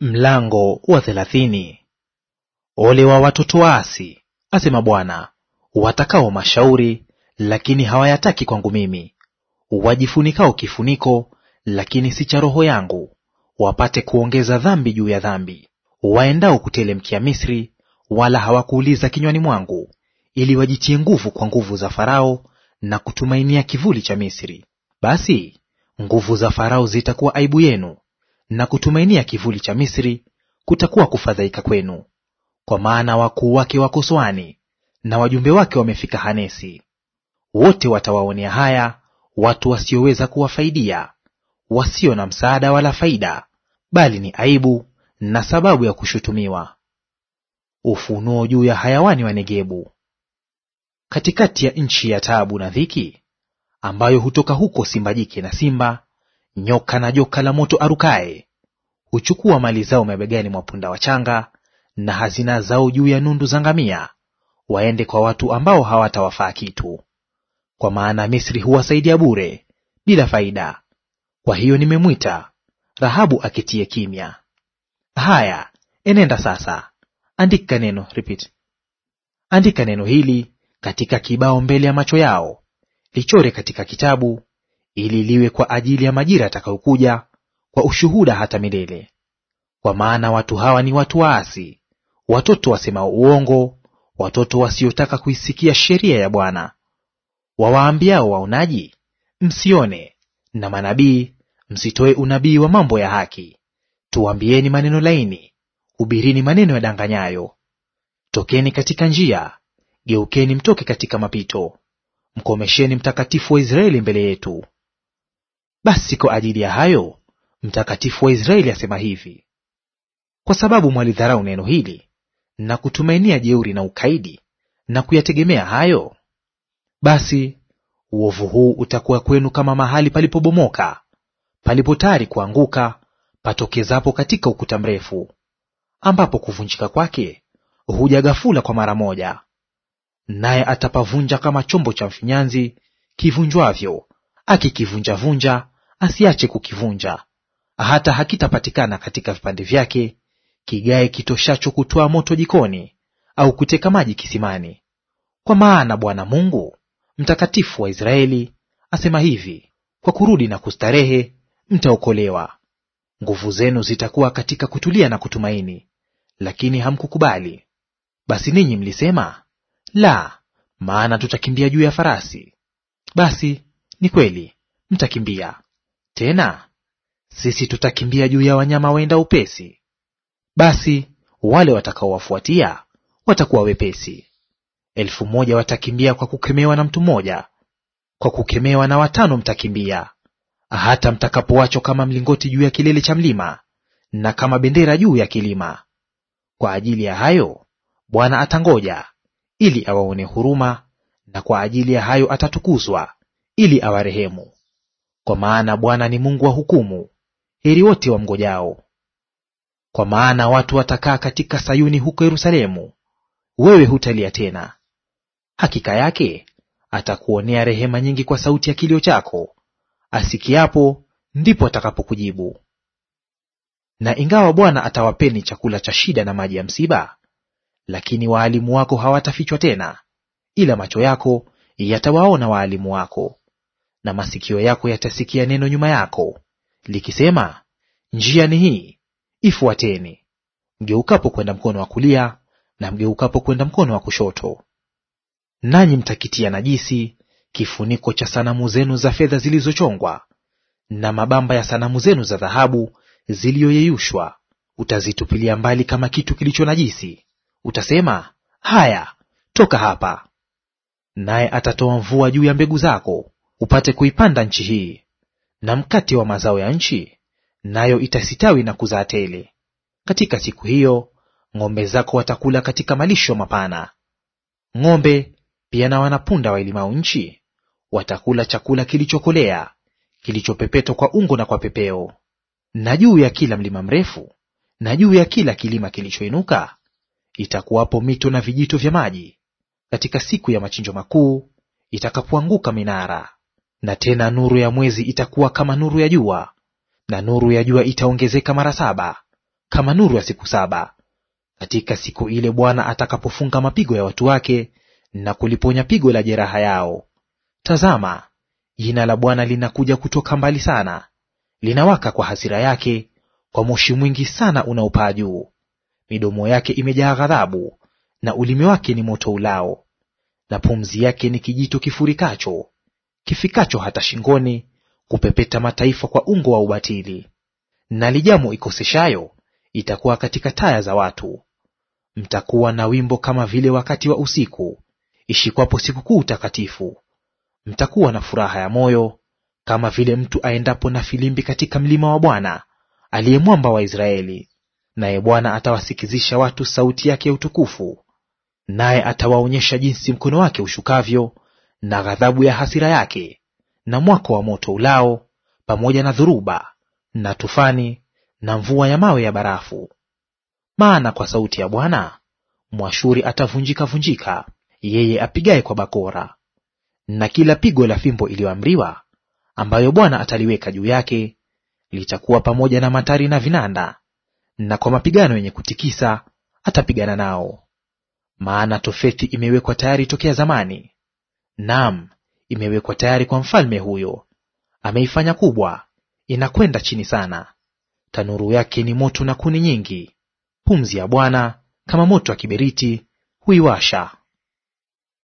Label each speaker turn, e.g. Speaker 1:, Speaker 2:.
Speaker 1: Mlango wa thelathini. Ole wa watoto waasi, asema Bwana, watakao mashauri lakini hawayataki kwangu mimi, wajifunikao kifuniko lakini si cha roho yangu, wapate kuongeza dhambi juu ya dhambi, waendao kutelemkia Misri, wala hawakuuliza kinywani mwangu, ili wajitie nguvu kwa nguvu za Farao na kutumainia kivuli cha Misri. Basi nguvu za Farao zitakuwa aibu yenu na kutumainia kivuli cha Misri kutakuwa kufadhaika kwenu, kwa maana wakuu wake wako Soani na wajumbe wake wamefika Hanesi. Wote watawaonea haya watu wasioweza kuwafaidia, wasio na msaada wala faida, bali ni aibu na sababu ya kushutumiwa. Ufunuo juu ya hayawani wa Negebu. Katikati ya nchi ya taabu na dhiki, ambayo hutoka huko simba jike na simba Nyoka na joka la moto arukaye huchukua mali zao mabegani mwa punda wachanga, na hazina zao juu ya nundu za ngamia, waende kwa watu ambao hawatawafaa kitu. Kwa maana Misri huwasaidia bure bila faida, kwa hiyo nimemwita Rahabu akitie kimya. Haya, enenda sasa, andika neno repeat. Andika neno hili katika kibao mbele ya macho yao, lichore katika kitabu ili liwe kwa ajili ya majira yatakayokuja kwa ushuhuda hata milele. Kwa maana watu hawa ni watu waasi, watoto wasemao uongo, watoto wasiotaka kuisikia sheria ya Bwana, wawaambiao waonaji, msione, na manabii, msitoe unabii wa mambo ya haki; tuambieni maneno laini, hubirini maneno yadanganyayo. Tokeni katika njia, geukeni mtoke katika mapito, mkomesheni mtakatifu wa Israeli mbele yetu. Basi kwa ajili ya hayo Mtakatifu wa Israeli asema hivi: kwa sababu mwalidharau neno hili na kutumainia jeuri na ukaidi na kuyategemea hayo, basi uovu huu utakuwa kwenu kama mahali palipobomoka, palipo tayari kuanguka, patokezapo katika ukuta mrefu, ambapo kuvunjika kwake huja ghafula kwa mara moja, naye atapavunja kama chombo cha mfinyanzi kivunjwavyo, akikivunjavunja asiache kukivunja, hata hakitapatikana katika vipande vyake kigae kitoshacho kutoa moto jikoni, au kuteka maji kisimani. Kwa maana Bwana Mungu mtakatifu wa Israeli asema hivi, kwa kurudi na kustarehe mtaokolewa. Nguvu zenu zitakuwa katika kutulia na kutumaini, lakini hamkukubali. Basi ninyi mlisema, la, maana tutakimbia juu ya farasi. Basi ni kweli mtakimbia, tena sisi tutakimbia juu ya wanyama waenda upesi, basi wale watakaowafuatia watakuwa wepesi. Elfu moja watakimbia kwa kukemewa na mtu mmoja, kwa kukemewa na watano mtakimbia, hata mtakapoachwa kama mlingoti juu ya kilele cha mlima na kama bendera juu ya kilima. Kwa ajili ya hayo Bwana atangoja ili awaone huruma, na kwa ajili ya hayo atatukuzwa ili awarehemu. Kwa maana Bwana ni Mungu wa hukumu, heri wote wamngojao. Kwa maana watu watakaa katika Sayuni, huko Yerusalemu wewe hutalia tena. Hakika yake atakuonea rehema nyingi kwa sauti ya kilio chako, asikiapo ndipo atakapokujibu. Na ingawa Bwana atawapeni chakula cha shida na maji ya msiba, lakini waalimu wako hawatafichwa tena, ila macho yako yatawaona waalimu wako na masikio yako yatasikia neno nyuma yako likisema, njia ni hii, ifuateni; mgeukapo kwenda mkono wa kulia na mgeukapo kwenda mkono wa kushoto. Nanyi mtakitia najisi kifuniko cha sanamu zenu za fedha zilizochongwa na mabamba ya sanamu zenu za dhahabu ziliyoyeyushwa, utazitupilia mbali kama kitu kilicho najisi. Utasema, haya, toka hapa. Naye atatoa mvua juu ya mbegu zako upate kuipanda nchi hii, na mkate wa mazao ya nchi, nayo itasitawi na kuzaa tele. Katika siku hiyo ng'ombe zako watakula katika malisho mapana. Ng'ombe pia na wanapunda wailimao nchi watakula chakula kilichokolea, kilichopepetwa kwa ungo na kwa pepeo. Na juu ya kila mlima mrefu na juu ya kila kilima kilichoinuka itakuwapo mito na vijito vya maji, katika siku ya machinjo makuu itakapoanguka minara. Na tena nuru ya mwezi itakuwa kama nuru ya jua, na nuru ya jua itaongezeka mara saba, kama nuru ya siku saba, katika siku ile Bwana atakapofunga mapigo ya watu wake na kuliponya pigo la jeraha yao. Tazama, jina la Bwana linakuja kutoka mbali sana, linawaka kwa hasira yake, kwa moshi mwingi sana unaopaa juu. Midomo yake imejaa ghadhabu, na ulimi wake ni moto ulao, na pumzi yake ni kijito kifurikacho kifikacho hata shingoni, kupepeta mataifa kwa ungo wa ubatili. Na lijamu ikoseshayo itakuwa katika taya za watu. Mtakuwa na wimbo kama vile wakati wa usiku ishikwapo sikukuu takatifu. Mtakuwa na furaha ya moyo kama vile mtu aendapo na filimbi katika mlima wa Bwana aliye mwamba wa Israeli. Naye Bwana atawasikizisha watu sauti yake ya utukufu, naye atawaonyesha jinsi mkono wake ushukavyo na ghadhabu ya hasira yake, na mwako wa moto ulao, pamoja na dhuruba na tufani na mvua ya mawe ya barafu. Maana kwa sauti ya Bwana Mwashuri atavunjika-vunjika, yeye apigaye kwa bakora, na kila pigo la fimbo iliyoamriwa ambayo Bwana ataliweka juu yake litakuwa pamoja na matari na vinanda, na kwa mapigano yenye kutikisa atapigana nao. Maana Tofethi imewekwa tayari tokea zamani, Naam, imewekwa tayari kwa mfalme huyo. Ameifanya kubwa, inakwenda chini sana. Tanuru yake ni moto na kuni nyingi. Pumzi ya Bwana kama moto wa kiberiti huiwasha.